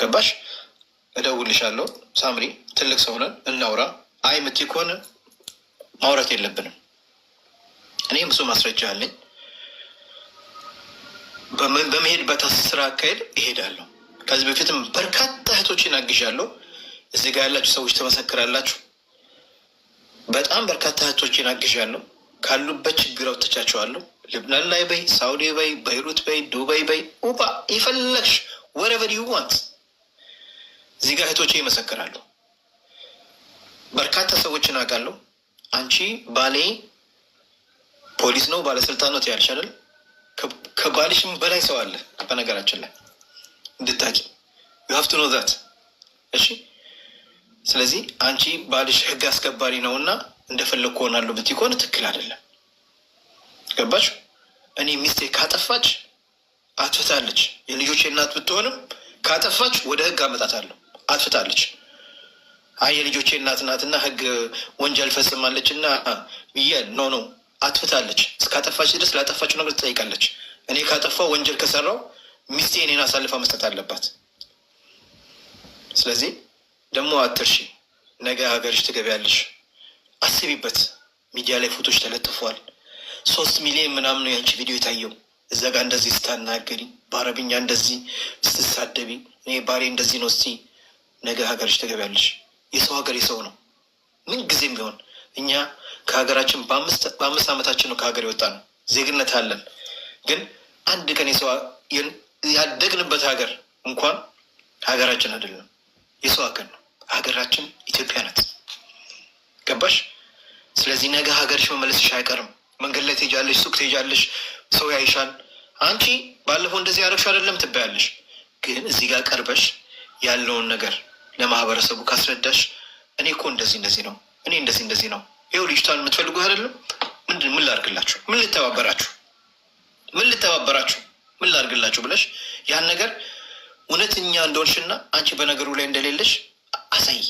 ገባሽ? እደውልሻለሁ ሳምሪ፣ ትልቅ ሰው ነን እናውራ። አይ ምት ከሆነ ማውራት የለብንም። እኔ ብዙ ማስረጃ አለኝ። በመሄድበት ስራ አካሄድ እሄዳለሁ። ከዚህ በፊትም በርካታ እህቶችን አግዣለሁ። እዚህ ጋር ያላችሁ ሰዎች ትመሰክራላችሁ። በጣም በርካታ እህቶችን አግዣለሁ። ካሉበት ችግር አውጥቻቸዋለሁ። ልብናን ላይ በይ፣ ሳውዲ በይ፣ በይሩት በይ፣ ዱባይ በይ፣ ኡባ ይፈለግሽ ወረቨር ዩ ዋንት እዚህ ጋር እህቶቼ ይመሰክራሉ። በርካታ ሰዎችን አውቃለሁ። አንቺ ባሌ ፖሊስ ነው ባለስልጣን ነው ትያለሽ አይደል? ከባልሽም በላይ ሰው አለ። በነገራችን ላይ እንድታቂ ዩ ነው ዛት እሺ። ስለዚህ አንቺ ባልሽ ህግ አስከባሪ ነው እና እንደፈለግ ከሆናለሁ ብትይ ከሆነ ትክክል አይደለም። ገባች? እኔ ሚስቴ ካጠፋች አትፈታለች። የልጆቼ እናት ብትሆንም ካጠፋች ወደ ህግ አመጣታለሁ። አጥፍታለች። አይ የልጆቼ እናት ናትና ህግ ወንጀል ፈጽማለች እና የ ኖ ኖ አጥፍታለች። እስካጠፋች ድረስ ላጠፋችው ነገር ትጠይቃለች። እኔ ካጠፋው ወንጀል ከሰራው ሚስቴ እኔን አሳልፋ መስጠት አለባት። ስለዚህ ደግሞ አትርሺ፣ ነገ ሀገርሽ ትገቢያለሽ። አስቢበት። ሚዲያ ላይ ፎቶች ተለጥፏል። ሶስት ሚሊዮን ምናምን ነው ያንቺ ቪዲዮ የታየው። እዛ ጋር እንደዚህ ስታናገሪ፣ በአረብኛ እንደዚህ ስትሳደቢ፣ እኔ ባሬ እንደዚህ ነው እስቲ ነገ ሀገርሽ ትገቢያለሽ። የሰው ሀገር የሰው ነው። ምን ጊዜም ቢሆን እኛ ከሀገራችን በአምስት ዓመታችን ነው ከሀገር የወጣ ነው። ዜግነት አለን። ግን አንድ ቀን የሰው ያደግንበት ሀገር እንኳን ሀገራችን አይደለም፣ የሰው ሀገር ነው። ሀገራችን ኢትዮጵያ ናት። ገባሽ? ስለዚህ ነገ ሀገርሽ መመለስሽ አይቀርም። መንገድ ላይ ትሄጃለሽ፣ ሱቅ ትሄጃለሽ፣ ሰው ያይሻል። አንቺ ባለፈው እንደዚህ ያደረግሽ አይደለም ትባያለሽ። ግን እዚህ ጋር ቀርበሽ ያለውን ነገር ለማህበረሰቡ ካስረዳሽ እኔ እኮ እንደዚህ እንደዚህ ነው እኔ እንደዚህ እንደዚህ ነው ይው ልጅቷን የምትፈልጉ አይደለም ምንድን ምን ላርግላችሁ ምን ልተባበራችሁ ምን ልተባበራችሁ ምን ላርግላችሁ ብለሽ ያን ነገር እውነተኛ እንደሆንሽና አንቺ በነገሩ ላይ እንደሌለሽ አሳይ።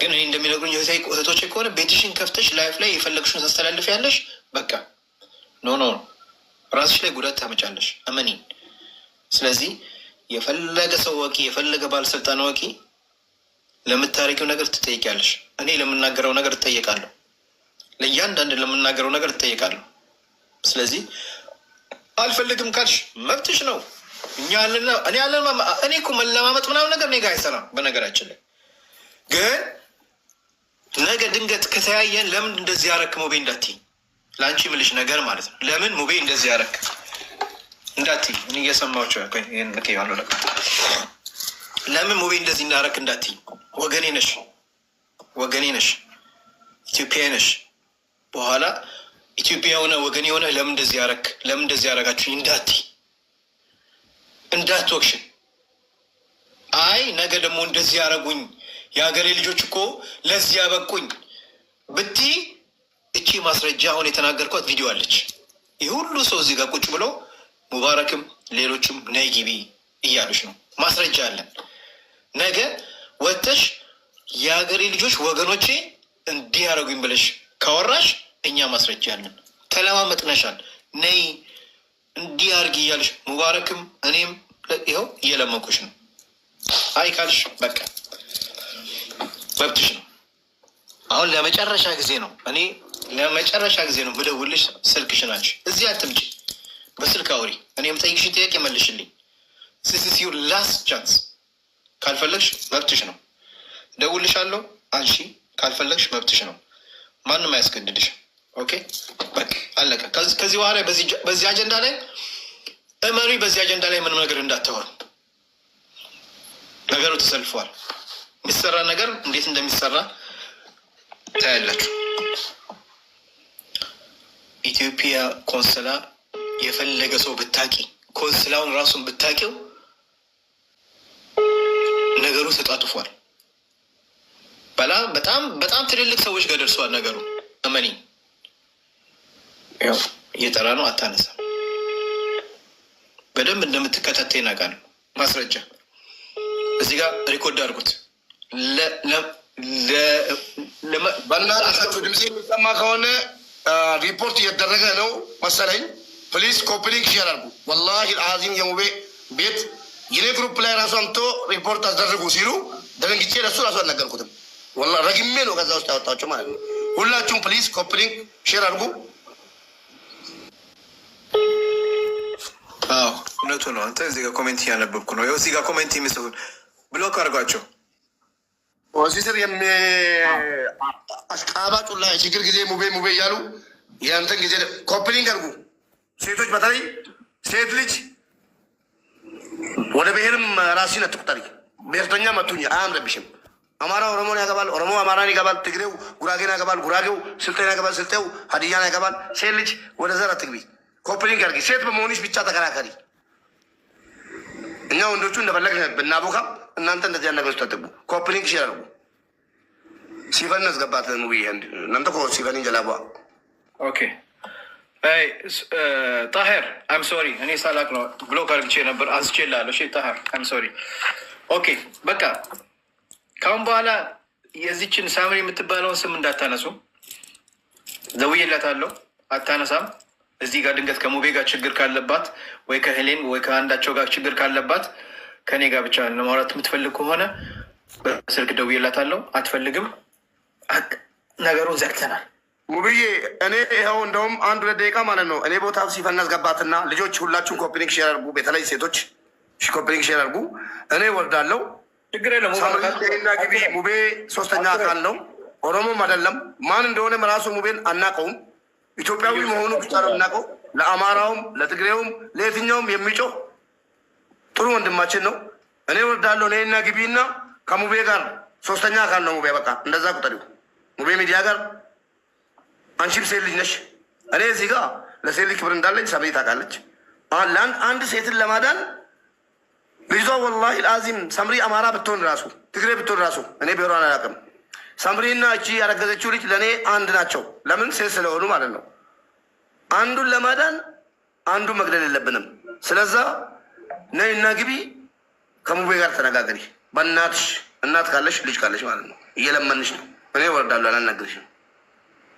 ግን እኔ እንደሚነግሩኝ እህቶቼ ከሆነ ቤትሽን ከፍተሽ ላይፍ ላይ የፈለግሽን ታስተላልፍ ያለሽ በቃ ኖ ኖ ራስሽ ላይ ጉዳት ታመጫለሽ። እመኒን ስለዚህ የፈለገ ሰው ወቂ፣ የፈለገ ባለስልጣን ወቂ፣ ለምታረጊው ነገር ትጠይቂያለሽ። እኔ ለምናገረው ነገር እጠየቃለሁ። ለእያንዳንድ ለምናገረው ነገር እጠየቃለሁ። ስለዚህ አልፈልግም ካልሽ መብትሽ ነው። እኛ እኔ እኔ እኮ መለማመጥ ምናምን ነገር እኔ ጋር አይሰራም። በነገራችን ላይ ግን ነገ ድንገት ከተያየን ለምን እንደዚህ ያረክ ሙቤ እንዳትይኝ፣ ለአንቺ ምልሽ ነገር ማለት ነው። ለምን ሙቤ እንደዚህ ያረክ እንዳት እኔ እየሰማሁሽ ያለው ነገር ለምን ሙቤ እንደዚህ እንዳረክ እንዳት ወገኔ ነሽ፣ ወገኔ ነሽ፣ ኢትዮጵያ ነሽ። በኋላ ኢትዮጵያ የሆነ ወገን የሆነ ለምን እንደዚህ ያረክ ለምን እንደዚህ ያረጋችሁ እንዳት እንዳትወቅሽን። አይ ነገ ደግሞ እንደዚህ ያረጉኝ የሀገሬ ልጆች እኮ ለዚህ ያበቁኝ ብቲ እቺ ማስረጃ አሁን የተናገርኳት ቪዲዮ አለች። ይህ ሁሉ ሰው እዚህ ጋር ቁጭ ብለው? ሙባረክም ሌሎችም ነይ ግቢ እያሉች ነው። ማስረጃ አለን። ነገ ወተሽ የሀገሬ ልጆች ወገኖቼ እንዲህ ያደረጉኝ ብለሽ ካወራሽ እኛ ማስረጃ አለን። ተለማመጥነሻል። ነይ እንዲህ አድርጊ እያለሽ ሙባረክም እኔም ይኸው እየለመንኩሽ ነው። አይ ካልሽ በቃ መብትሽ ነው። አሁን ለመጨረሻ ጊዜ ነው እኔ ለመጨረሻ ጊዜ ነው ምደውልሽ። ስልክሽ ናቸው እዚህ አትምጭ። በስልክ አውሪ። እኔ ጠይቅሽ ጥያቄ መልሽልኝ። ስስስ ላስት ቻንስ። ካልፈለግሽ መብትሽ ነው። ደውልሻለሁ አንሺ። ካልፈለግሽ መብትሽ ነው። ማንም አያስገድድሽ። ኦኬ በቃ አለቀ። ከዚህ በኋላ በዚህ አጀንዳ ላይ እመሪ። በዚህ አጀንዳ ላይ ምንም ነገር እንዳታወሩ። ነገሩ ተሰልፈዋል። የሚሰራ ነገር እንዴት እንደሚሰራ ታያላችሁ። ኢትዮጵያ ኮንስላ የፈለገ ሰው ብታቂ ኮንስላውን ራሱን ብታቂው ነገሩ ተጣጥፏል። በጣም በጣም ትልልቅ ሰዎች ጋር ደርሷል ነገሩ። እመኒ እየጠራ ነው አታነሳም። በደንብ እንደምትከታተይ እናውቃለን። ማስረጃ እዚህ ጋር ሪኮርድ አድርጉት። ድምፅ የሚሰማ ከሆነ ሪፖርት እየተደረገ ነው መሰለኝ። ፕሊዝ ኮፕሊንክ ሼር አድርጉ። ወላሂ አዚም የሙቤ ቤት የኔ ግሩፕ ላይ ራሱ አምቶ ሪፖርት አስደርጉ ሲሉ ደንግጬ ለሱ ራሱ አልነገርኩትም። ወላሂ ረግሜ ነው ከዛ ውስጥ ያወጣቸው ማለት ነው። ሁላችሁም ፕሊስ ኮፕሊንክ ሼር አድርጉ። እውነቱ ነው። አንተ እዚህ ጋር ኮሜንት እያነበብኩ ነው። እዚህ ጋር ኮሜንት የሚጽፉ ብሎክ አድርጓቸው። እዚህ ስር አሽቃባጩ ላይ ችግር ጊዜ ሙቤ ሙቤ እያሉ የአንተን ጊዜ ኮፕሊንክ አድርጉ። ሴቶች በተለይ ሴት ልጅ ወደ ብሔርም ራስሽን አትቁጠሪ። ብሔርተኛ መቱኝ አያምረብሽም። አማራ ኦሮሞን ያገባል፣ ኦሮሞ አማራን ይገባል፣ ትግሬው ጉራጌን ያገባል፣ ጉራጌው ስልጤን ያገባል፣ ስልጤው ሀዲያን ያገባል። ሴት ልጅ ወደ ዘር አትግቢ። ኮፕሊንግ አድርጊ። ሴት በመሆንሽ ብቻ ተከራከሪ። እኛ ወንዶቹ እንደፈለግ ብናቦካ እናንተ እንደዚህ ያለ ነገር ስታጠቡ ኮፕሊንግ ሽ ያደርጉ ሲፈን አስገባትን ውይ እናንተ ሲፈን እንጀላቧ ኦኬ ጣሄር አም ሶሪ እኔ ሳላቅ ነው ብሎክ አርግቼ ነበር። አንስቼላለሁ። እሺ ጣሄር አም ሶሪ። ኦኬ በቃ ካሁን በኋላ የዚችን ሳምሪ የምትባለውን ስም እንዳታነሱ። ደውዬላታለሁ፣ አታነሳም። እዚህ ጋር ድንገት ከሙቤ ጋር ችግር ካለባት ወይ ከህሌን ወይ ከአንዳቸው ጋር ችግር ካለባት ከእኔ ጋር ብቻ ለማውራት የምትፈልግ ከሆነ በስልክ ደውዬላታለሁ። አትፈልግም። ነገሩን ዘግተናል። ውብዬ እኔ ይኸው እንደውም አንድ ሁለት ደቂቃ ማለት ነው እኔ ቦታ ሲፈን ገባትና ልጆች ሁላችሁን ኮፒኒክ ሼር አድርጉ። በተለይ ሴቶች ኮፒኒክ ሼር እኔ ወርዳለው። ሳሙኤልና ግቢ ሙቤ ሶስተኛ አካል ነው። ኦሮሞም አይደለም ማን እንደሆነ ራሱ ሙቤን አናቀውም? ኢትዮጵያዊ መሆኑ ብቻ ነው እናቀው። ለአማራውም፣ ለትግሬውም፣ ለየትኛውም የሚጮህ ጥሩ ወንድማችን ነው። እኔ ወርዳለሁ። እኔና ግቢና ከሙቤ ጋር ሶስተኛ አካል ነው ሙቤ በቃ እንደዛ ቁጠሪው ሙቤ ሚዲያ ጋር አንቺም ሴት ልጅ ነሽ። እኔ እዚህ ጋር ለሴት ልጅ ክብር እንዳለኝ ሰሜ ታውቃለች። አንድ ሴትን ለማዳን ልጅቷ ወላሂ ልአዚም ሰምሪ አማራ ብትሆን ራሱ ትግሬ ብትሆን ራሱ እኔ ብሔሯን አላውቅም። ሰምሪና እቺ ያረገዘችው ልጅ ለእኔ አንድ ናቸው። ለምን ሴት ስለሆኑ ማለት ነው። አንዱን ለማዳን አንዱን መግደል የለብንም። ስለዛ ነይና ግቢ ከሙቤ ጋር ተነጋገሪ። በእናትሽ እናት ካለሽ ልጅ ካለሽ ማለት ነው። እየለመንሽ ነው። እኔ ወርዳለሁ አላናግርሽም።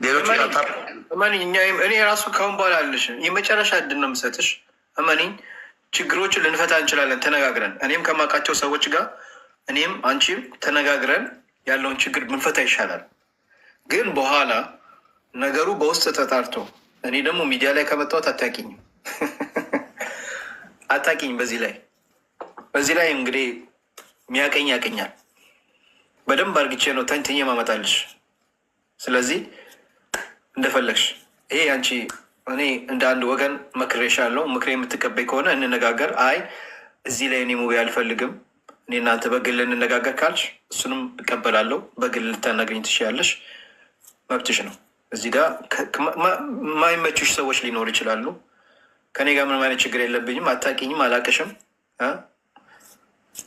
ሌሎች እመኒ እኔ የራሱ ከሁን በኋላ አለሽ የመጨረሻ እድል ነው የምሰጥሽ። እመኒ ችግሮችን ልንፈታ እንችላለን ተነጋግረን፣ እኔም ከማውቃቸው ሰዎች ጋር እኔም አንቺም ተነጋግረን ያለውን ችግር ምንፈታ ይሻላል። ግን በኋላ ነገሩ በውስጥ ተጣርቶ እኔ ደግሞ ሚዲያ ላይ ከመጣሁት አታውቂኝም አታውቂኝም። በዚህ ላይ በዚህ ላይ እንግዲህ ሚያቀኝ ያቀኛል በደንብ አርግቼ ነው ተንትኜ ማመጣልሽ ስለዚህ እንደፈለግሽ ይሄ አንቺ እኔ እንደ አንድ ወገን አለው ምክሬ የምትቀበይ ከሆነ እንነጋገር። አይ እዚህ ላይ እኔ ሙቤ አልፈልግም፣ እኔ እናንተ በግል እንነጋገር ካልሽ እሱንም እቀበላለሁ። በግል ልታናገኝ ትችያለሽ፣ መብትሽ ነው። እዚህ ጋር ማይመችሽ ሰዎች ሊኖሩ ይችላሉ። ከኔ ጋር ምንም አይነት ችግር የለብኝም። አታውቂኝም፣ አላቅሽም።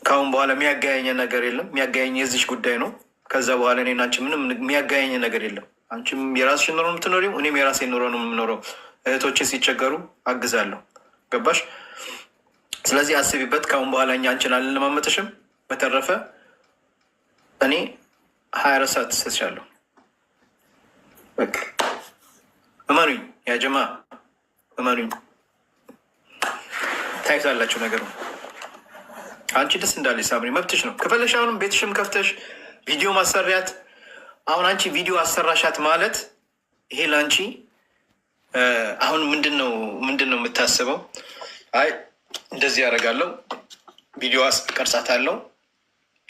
ከአሁን በኋላ የሚያጋያኘ ነገር የለም። የሚያገያኝ የዚች ጉዳይ ነው። ከዛ በኋላ እኔና አንቺ ምንም የሚያገያኘ ነገር የለም። አንቺም የራስሽን ኖሮ የምትኖሪው፣ እኔም የራሴ ኖሮ ነው የምኖረው። እህቶችን ሲቸገሩ አግዛለሁ። ገባሽ? ስለዚህ አስቢበት። ከአሁን በኋላ እኛ አንቺን አልንለማመጥሽም። በተረፈ እኔ ሀያ አራት ሰዓት ትሰጥሻለሁ። እመኑኝ፣ ያጀማ እመኑኝ። ታይታላችሁ ነገሩ። አንቺ ደስ እንዳለች ሳምሪ፣ መብትሽ ነው። ከፈለሽ አሁንም ቤትሽም ከፍተሽ ቪዲዮ ማሰሪያት አሁን አንቺ ቪዲዮ አሰራሻት ማለት ይሄ ለአንቺ አሁን ምንድን ነው ምንድን ነው የምታስበው? አይ እንደዚህ ያደርጋለሁ፣ ቪዲዮ ቀርጻታለሁ፣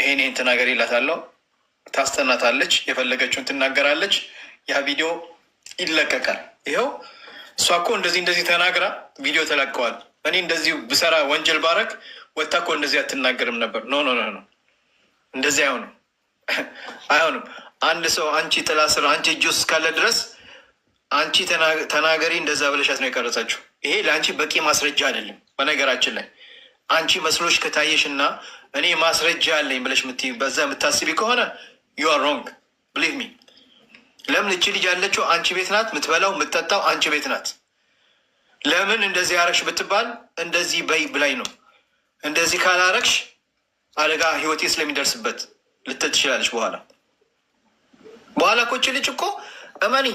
ይሄን ይሄን ተናገር ይላታለሁ፣ ታስተናታለች፣ የፈለገችውን ትናገራለች፣ ያ ቪዲዮ ይለቀቃል። ይኸው እሷ እኮ እንደዚህ እንደዚህ ተናግራ ቪዲዮ ተለቀዋል። እኔ እንደዚህ ብሰራ ወንጀል ባረግ ወታ እኮ እንደዚህ አትናገርም ነበር። ኖ ኖ ኖ፣ እንደዚህ አይሆንም፣ አይሆንም አንድ ሰው አንቺ ጥላ ስር አንቺ እጅ ውስጥ እስካለ ድረስ አንቺ ተናገሪ እንደዛ ብለሻት ነው የቀረጻችሁ። ይሄ ለአንቺ በቂ ማስረጃ አይደለም። በነገራችን ላይ አንቺ መስሎች ከታየሽ እና እኔ ማስረጃ አለኝ ብለሽ በዛ የምታስቢ ከሆነ ዩ አር ሮንግ ብሊቭ ሚ። ለምን እቺ ልጅ ያለችው አንቺ ቤት ናት። የምትበላው የምትጠጣው አንቺ ቤት ናት። ለምን እንደዚህ አረግሽ ብትባል እንደዚህ በይ ብላኝ ነው። እንደዚህ ካላረግሽ አደጋ ህይወቴ ስለሚደርስበት ልትል ትችላለች በኋላ በኋላ ኮች ልጅ እኮ እመኒ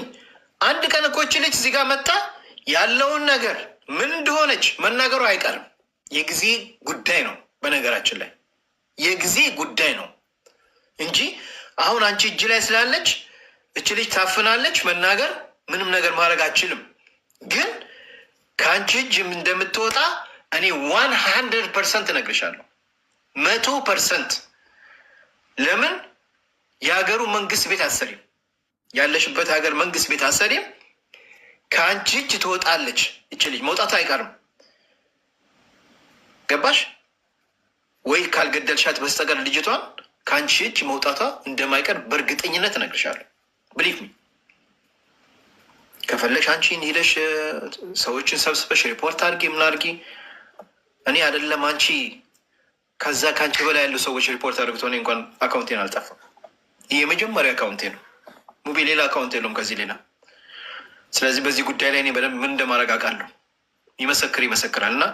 አንድ ቀን ኮች ልጅ እዚህ ጋር መጣ ያለውን ነገር ምን እንደሆነች መናገሩ አይቀርም። የጊዜ ጉዳይ ነው። በነገራችን ላይ የጊዜ ጉዳይ ነው እንጂ አሁን አንቺ እጅ ላይ ስላለች እች ልጅ ታፍናለች። መናገር ምንም ነገር ማድረግ አችልም። ግን ከአንቺ እጅ እንደምትወጣ እኔ ዋን ሀንድረድ ፐርሰንት እነግርሻለሁ። መቶ ፐርሰንት ለምን የሀገሩ መንግስት ቤት አሰሪም ያለሽበት ሀገር መንግስት ቤት አሰሪም ከአንቺ እጅ ትወጣለች። እች ልጅ መውጣቱ አይቀርም። ገባሽ ወይ? ካልገደልሻት በስተቀር ልጅቷን ከአንቺ እጅ መውጣቷ እንደማይቀር በእርግጠኝነት እነግርሻለሁ። ብሊፍ ከፈለሽ አንቺን ሄደሽ ሰዎችን ሰብስበሽ ሪፖርት አድርጊ፣ ምን አድርጊ። እኔ አይደለም አንቺ ከዛ ከአንቺ በላይ ያሉ ሰዎች ሪፖርት አድርግቶ እኔ እንኳን አካውንቴን አልጠፋም። የመጀመሪያ አካውንቴ ነው። ሙቤ ሌላ አካውንት የለውም ከዚህ ሌላ። ስለዚህ በዚህ ጉዳይ ላይ እኔ በደንብ ምን እንደማደርግ አውቃለሁ። ይመሰክር ይመሰክራል እና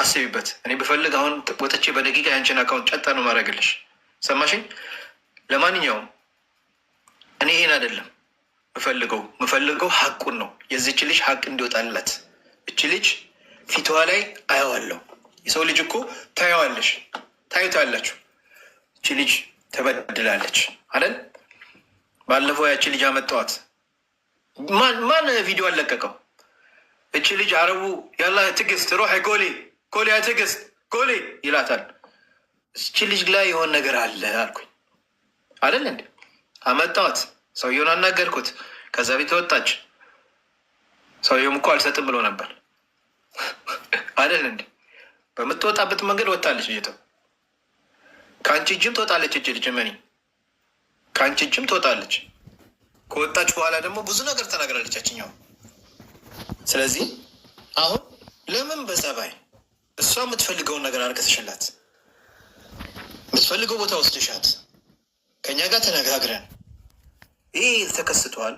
አስቢበት። እኔ ብፈልግ አሁን ወጥቼ በደቂቃ ያንችን አካውንት ጨጣ ነው ማድረግልሽ። ሰማሽኝ? ለማንኛውም እኔ ይሄን አይደለም ምፈልገው ምፈልገው ሀቁን ነው። የዚች ልጅ ሀቅ እንዲወጣለት እች ልጅ ፊቷ ላይ አየዋለሁ። የሰው ልጅ እኮ ታየዋለሽ፣ ታዩታላችሁ እች ልጅ ተበድላለች አይደል? ባለፈው ያቺ ልጅ አመጣዋት። ማን ቪዲዮ አለቀቀው? እቺ ልጅ አረቡ ያላ ትግስት ሮሐ ጎሌ ጎሌ ትግስት ጎሌ ይላታል። እቺ ልጅ ላይ የሆን ነገር አለ አልኩኝ አይደል እንዴ? አመጣዋት። ሰውየውን አናገርኩት። ከዛ ቤት ወጣች። ሰውየውም እኮ አልሰጥም ብሎ ነበር አይደል እንዴ? በምትወጣበት መንገድ ወጣለች ልጅቷ። ከአንቺ እጅም ትወጣለች እጅ ልጅ መኒ ከአንቺ እጅም ትወጣለች። ከወጣች በኋላ ደግሞ ብዙ ነገር ተናግራለች ያችኛው። ስለዚህ አሁን ለምን በጸባይ እሷ የምትፈልገውን ነገር አርገትሽላት የምትፈልገው ቦታ ወስደሻት ከእኛ ጋር ተነጋግረን ይህ ተከስተዋል።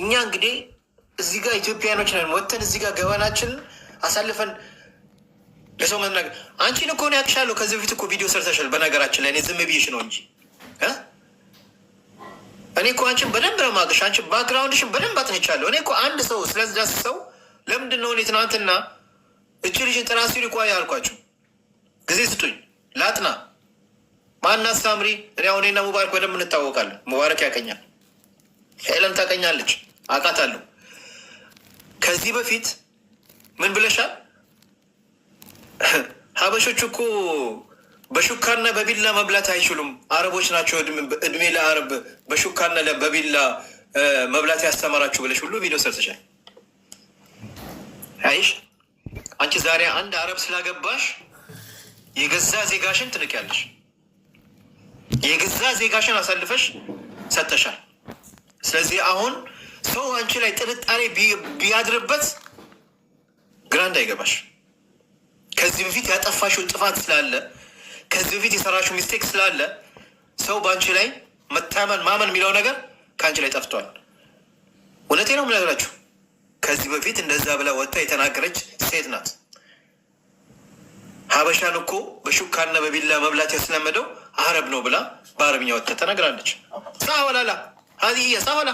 እኛ እንግዲህ እዚህ ጋር ኢትዮጵያኖች ነን ወጥተን እዚህ ጋር ገበናችን አሳልፈን ሰው መናገር አንቺን እኮ ነው ያቅሻለሁ። ከዚህ በፊት እኮ ቪዲዮ ሰርተሻል። በነገራችን ላይ እኔ ዝም ብዬሽ ነው እንጂ እኔ እኮ አንቺን በደንብ ነው የማውቅሽ። አንቺ ባክግራውንድሽን በደንብ አጥንቻለሁ። እኔ እኮ አንድ ሰው ስለዚዳስ ሰው ለምንድን ነው እኔ ትናንትና እጅ ልጅን ጥና ሲሉ ቆይ አልኳቸው። ጊዜ ስጡኝ ላጥና። ማና ሳምሪ? እኔ አሁን እኔና ሙባረክ በደንብ እንታወቃለን። ሙባረክ ያቀኛል፣ ሄለን ታቀኛለች፣ አውቃታለሁ። ከዚህ በፊት ምን ብለሻል? ሀበሾች እኮ በሹካና በቢላ መብላት አይችሉም። አረቦች ናቸው። እድሜ ለአረብ በሹካና በቢላ መብላት ያስተማራችሁ ብለሽ ሁሉ ቪዲዮ ሰርተሻል። አይሽ አንቺ ዛሬ አንድ አረብ ስላገባሽ የገዛ ዜጋሽን ትንቂያለሽ። የገዛ ዜጋሽን አሳልፈሽ ሰተሻል። ስለዚህ አሁን ሰው አንቺ ላይ ጥርጣሬ ቢያድርበት ግራንድ እንዳይገባሽ ከዚህ በፊት ያጠፋሽው ጥፋት ስላለ ከዚህ በፊት የሰራሽው ሚስቴክ ስላለ ሰው በአንቺ ላይ መታመን ማመን የሚለው ነገር ከአንቺ ላይ ጠፍቷል። እውነቴ ነው የምነግራችሁ። ከዚህ በፊት እንደዛ ብላ ወጥታ የተናገረች ሴት ናት። ሀበሻን እኮ በሹካና በቢላ መብላት ያስለመደው አረብ ነው ብላ በአረብኛ ወጥታ ተናግራለች። ሳወላላ ሀዚያ ሳወላ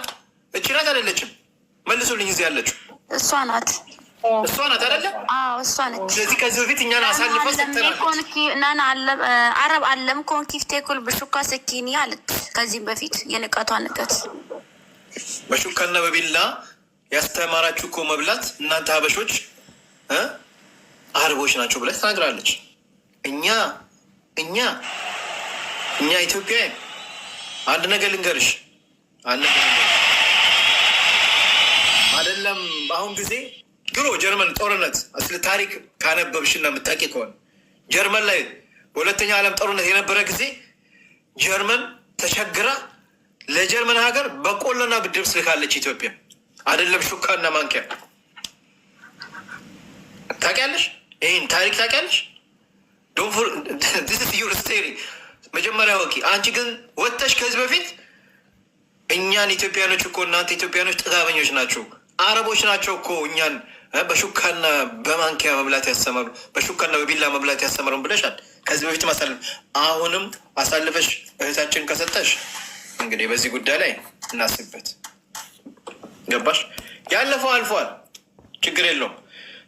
እችናት አይደለችም? መልሱልኝ፣ እዚህ ያለችው እሷ ናት። እሷ ናት አይደለ? አዎ እሷ ነች። ስለዚህ ከዚህ በፊት እኛን አሳልፈ ስትናን አረብ አለም ኮን ኪፍቴኩል በሹካ አለች። ከዚህም በፊት የንቀቷ ንቀት በሹካና በቢላ ያስተማራችሁ እኮ መብላት እናንተ ሀበሾች አረቦች ናቸው ብላ ተናግራለች። እኛ እኛ እኛ ኢትዮጵያ አንድ ነገር ልንገርሽ አንድ አይደለም በአሁን ጊዜ ድሮ ጀርመን ጦርነት ስለ ታሪክ ካነበብሽና የምታውቂ ከሆነ ጀርመን ላይ በሁለተኛ ዓለም ጦርነት የነበረ ጊዜ ጀርመን ተቸግራ ለጀርመን ሀገር በቆሎና ብድር ስልካለች ኢትዮጵያ። አይደለም ሹካና ማንኪያ። ታውቂያለሽ? ይህን ታሪክ ታውቂያለሽ? ዩር ስቴሪ መጀመሪያ ወኪ አንቺ ግን ወጥተሽ ከዚህ በፊት እኛን ኢትዮጵያኖች እኮ እናንተ ኢትዮጵያኖች ጥጋበኞች ናቸው፣ አረቦች ናቸው እኮ እኛን በሹካና በማንኪያ መብላት ያስተምሩ፣ በሹካና በቢላ መብላት ያስተምሩን ብለሻል። ከዚህ በፊት አሳልፍ አሁንም አሳልፈሽ እህታችን ከሰጠሽ እንግዲህ በዚህ ጉዳይ ላይ እናስብበት። ገባሽ? ያለፈው አልፏል፣ ችግር የለውም።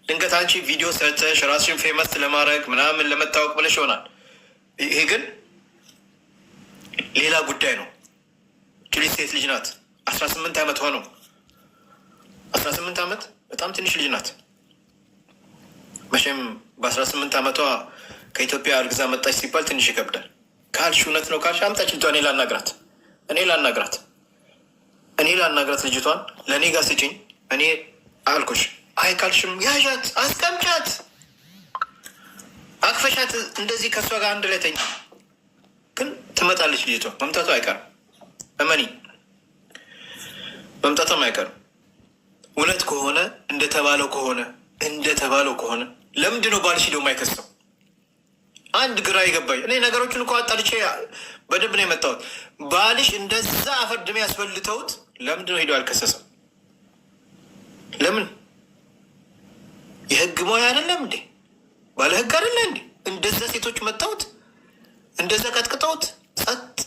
ድንገት አንቺ ቪዲዮ ሰርተሽ ራስሽን ፌመስ ለማድረግ ምናምን ለመታወቅ ብለሽ ይሆናል። ይሄ ግን ሌላ ጉዳይ ነው። ሴት ልጅ ናት። አስራ ስምንት ዓመት ሆነው አስራ ስምንት ዓመት በጣም ትንሽ ልጅ ናት። መቼም በአስራ ስምንት ዓመቷ ከኢትዮጵያ እርግዛ መጣች ሲባል ትንሽ ይከብዳል። ካልሽ እውነት ነው ካልሽ አምጣች ልጇን፣ እኔ ላናግራት እኔ ላናግራት እኔ ላናግራት ልጅቷን ለእኔ ጋር ስጭኝ እኔ አልኩሽ። አይ ካልሽም ያዣት፣ አስቀምጫት፣ አክፈሻት እንደዚህ ከእሷ ጋር አንድ ላይ ተኝ። ግን ትመጣለች ልጅቷ። መምጣቷ አይቀርም፣ እመኒ መምጣቷም አይቀርም። እውነት ከሆነ እንደተባለው ከሆነ እንደተባለው ከሆነ ለምንድን ነው ባልሽ ደሞ አይከሰው? አንድ ግራ ይገባኝ። እኔ ነገሮችን እኮ አጣልቼ በደንብ ነው የመጣሁት። ባልሽ እንደዛ አፈርድሜ ያስበልተውት ለምንድን ነው ሄዶ አልከሰሰም? ለምን የህግ ሙያ አይደለም እንዴ? ባለ ህግ አይደለ እንዴ? እንደዛ ሴቶች መጣሁት፣ እንደዛ ቀጥቅጠውት፣ ጸጥ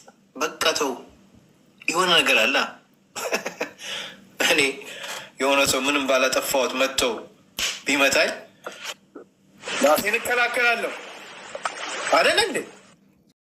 በቃ ተው። የሆነ ነገር አለ እኔ የሆነ ሰው ምንም ባላጠፋሁት መጥቶ ቢመታኝ ራሴን እከላከላለሁ። አይደለ እንዴ?